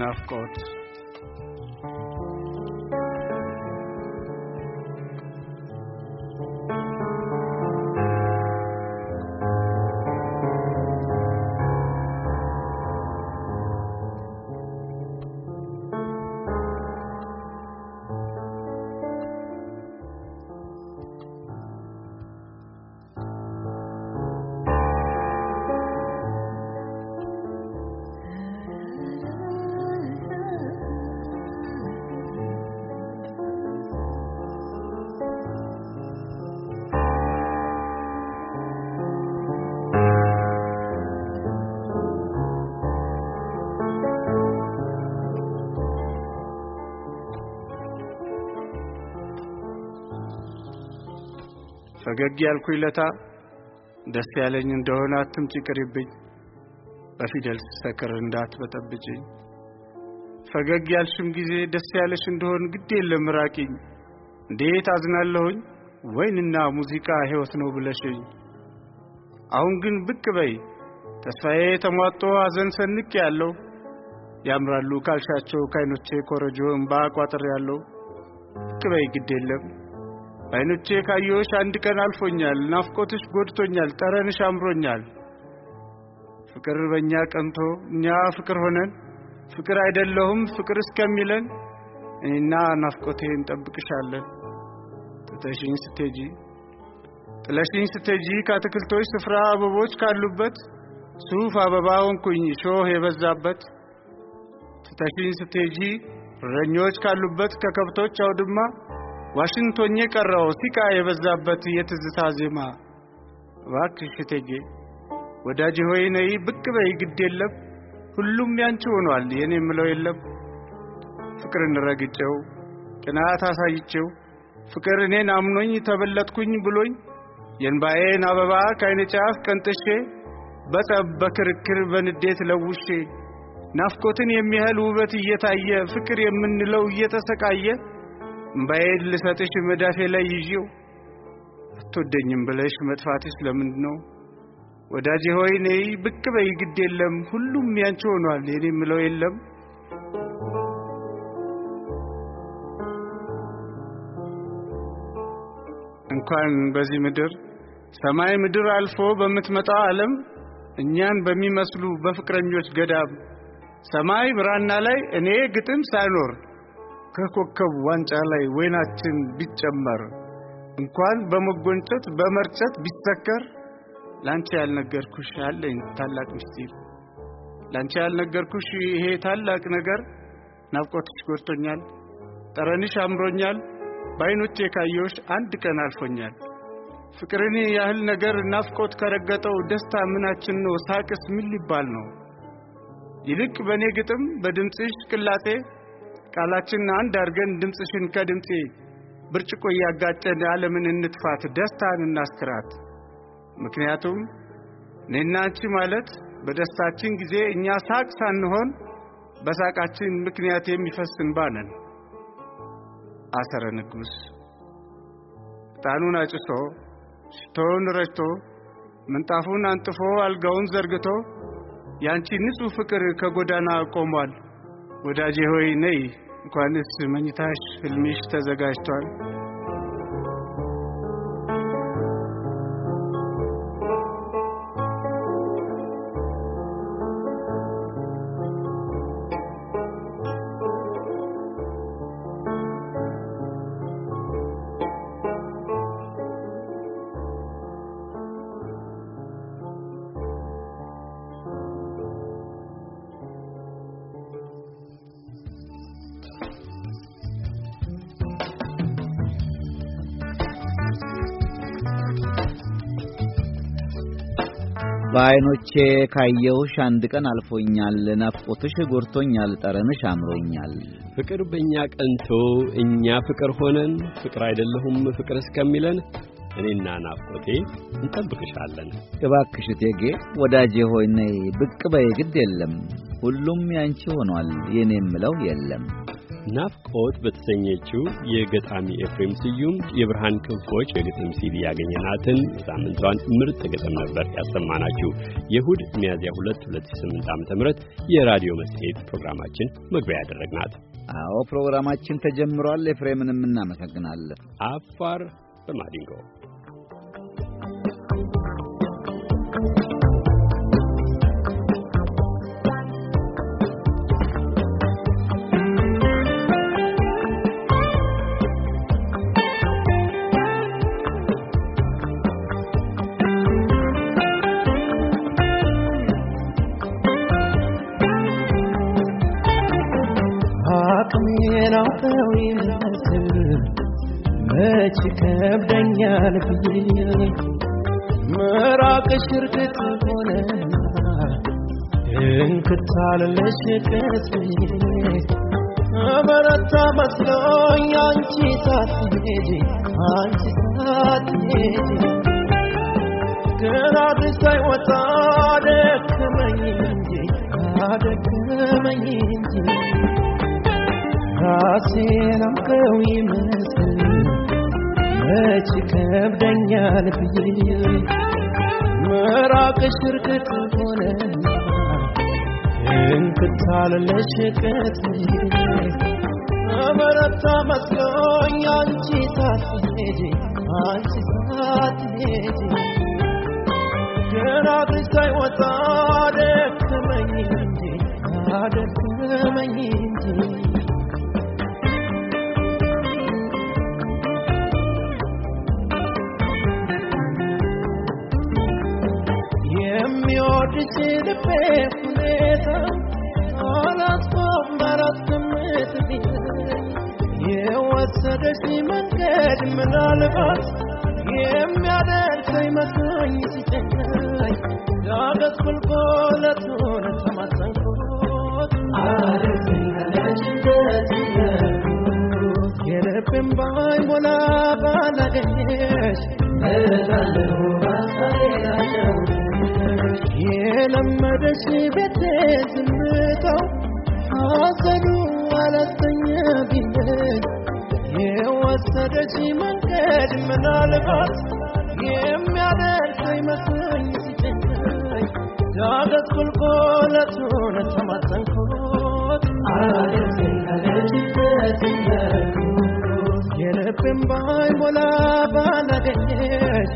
ናፍቆት ፈገግ ያልኩ ይለታ ደስ ያለኝ እንደሆነ አትምጪ ቅሪብኝ፣ በፊደል ሰክር እንዳትበጠብጭኝ። ፈገግ ያልሽም ጊዜ ደስ ያለሽ እንደሆን ግድ የለም ራቂኝ። እንዴት አዝናለሁኝ ወይንና ሙዚቃ ሕይወት ነው ብለሽኝ። አሁን ግን ብቅ በይ ተስፋዬ ተሟጦ አዘን ሰንቅ ያለው ያምራሉ ካልሻቸው ካይኖቼ ኮረጆ እምባ ቋጥር ያለው ብቅ በይ ግድ የለም አይኖቼ ካየሁሽ አንድ ቀን አልፎኛል። ናፍቆትሽ ጎድቶኛል፣ ጠረንሽ አምሮኛል። ፍቅር በእኛ ቀንቶ እኛ ፍቅር ሆነን ፍቅር አይደለሁም ፍቅር እስከሚለን እኔና ናፍቆቴ እንጠብቅሻለን። ጥተሽኝ ስትሄጂ ጥለሽኝ ስትሄጂ ከአትክልቶች ስፍራ አበቦች ካሉበት ሱፍ አበባ ሆንኩኝ ሾህ የበዛበት ትተሽኝ ስትሄጂ እረኞች ካሉበት ከከብቶች አውድማ ዋሽንቶን የቀረው ሲቃ የበዛበት የትዝታ ዜማ። እባክሽ እቴጌ ወዳጅ ሆይ ነይ ብቅ በይ ግድ የለም ሁሉም ያንቺ ሆኗል የኔ የምለው የለም። ፍቅርን ረግጨው ቅናት አሳይቼው ፍቅር እኔን አምኖኝ ተበለጥኩኝ ብሎኝ የእንባዬን አበባ ከአይነ ጫፍ ቀንጥሼ በጠብ በክርክር በንዴት ለውሼ ናፍቆትን የሚያህል ውበት እየታየ ፍቅር የምንለው እየተሰቃየ እምባዬን ልሰጥሽ መዳፌ ላይ ይዤው አትወደኝም ብለሽ መጥፋትሽ ለምንድን ነው? ወዳጄ ሆይ ነይ ብቅ በይ ግድ የለም ሁሉም ያንቺ ሆኗል የኔ የምለው የለም። እንኳን በዚህ ምድር ሰማይ ምድር አልፎ በምትመጣው ዓለም እኛን በሚመስሉ በፍቅረኞች ገዳም ሰማይ ብራና ላይ እኔ ግጥም ሳይኖር ከኮከብ ዋንጫ ላይ ወይናችን ቢጨመር እንኳን በመጎንጨት በመርጨት ቢሰከር ላንቺ ያልነገርኩሽ አለኝ ታላቅ ምስጢር ላንቺ ያልነገርኩሽ ይሄ ታላቅ ነገር ናፍቆትሽ ጎድቶኛል፣ ጠረንሽ አምሮኛል፣ በዓይኖቼ ካየሁሽ አንድ ቀን አልፎኛል። ፍቅርን ያህል ነገር ናፍቆት ከረገጠው ደስታ ምናችን ነው? ሳቅስ ምን ሊባል ነው? ይልቅ በእኔ ግጥም በድምፅሽ ቅላጤ ቃላችንን አንድ አድርገን ድምፅሽን ከድምፄ ብርጭቆ እያጋጨን ዓለምን እንትፋት፣ ደስታን እናስክራት። ምክንያቱም እኔና አንቺ ማለት በደስታችን ጊዜ እኛ ሳቅ ሳንሆን በሳቃችን ምክንያት የሚፈስ እንባ ነን። አሰረ ንጉሥ ዕጣኑን አጭሶ ሽቶውን ረጭቶ ምንጣፉን አንጥፎ አልጋውን ዘርግቶ ያንቺ ንጹሕ ፍቅር ከጎዳና ቆሟል። ወዳጄ ሆይ ነይ እንኳንስ መኝታሽ ህልምሽ ተዘጋጅቷል። በዐይኖቼ ካየሁሽ አንድ ቀን አልፎኛል፣ ናፍቆትሽ ጎርቶኛል ጠረንሽ አምሮኛል። ፍቅር በእኛ ቀንቶ እኛ ፍቅር ሆነን ፍቅር አይደለሁም ፍቅር እስከሚለን እኔና ናፍቆቴ እንጠብቅሻለን። እባክሽ እቴጌ ወዳጄ ሆይ ነይ ብቅ በይ፣ ግድ የለም ሁሉም ያንቺ ሆኗል፣ የኔ የምለው የለም። ናፍቆት በተሰኘችው የገጣሚ ኤፍሬም ስዩም የብርሃን ክንፎች የግጥም ሲዲ ያገኘናትን የሳምንቷን ምርጥ ግጥም ነበር ያሰማናችሁ። የእሁድ ሚያዝያ 2 2008 ዓ.ም የራዲዮ መጽሔት ፕሮግራማችን መግቢያ ያደረግናት። አዎ ፕሮግራማችን ተጀምሯል። ኤፍሬምንም እናመሰግናለን። አፋር በማዲንጎ የናፈው ይመስል መች ከብደኛል ብዬ ምራቅሽ እርግጥ ሆነና እንክታለለሽ ቅጽ እበረታ መስሎኝ አንቺ ሳትሄጂ አንቺ ሳትሄጂ ሳይወጣ እንጂ አደክመኝ እንጂ ራሴን አውቀው ይመስል መች ከብደኛል ብዬ መራቅሽ ርቅት ሆነ እንክታለለሽ ቀት በረታ መስሎኝ አንቺ ሳትሄጂ አንቺ ሳትሄጂ ገና ግን ሳይወጣ ደከመኝ እንጂ አደከመኝ እንጂ የወሰደች መንገድ ምናልባት የሚያደርሰኝ መስሎኝ ሲጨንቀኝ ዳገት ቁልቁለቱን ተማጸንኩት። የልብን ባይሞላ ባላገኘሽ የለመደሽ ቤቴ ዝምታው ሐዘኑ አለተኛ ቢለኝ የወሰደች መንገድ ምናልባት የሚያደርሰኝ መስሎኝ ሲጨንቀኝ ዳገት ቁልቁለቱን ተማጠንኩት የልብም ባይሞላ ባላገኘች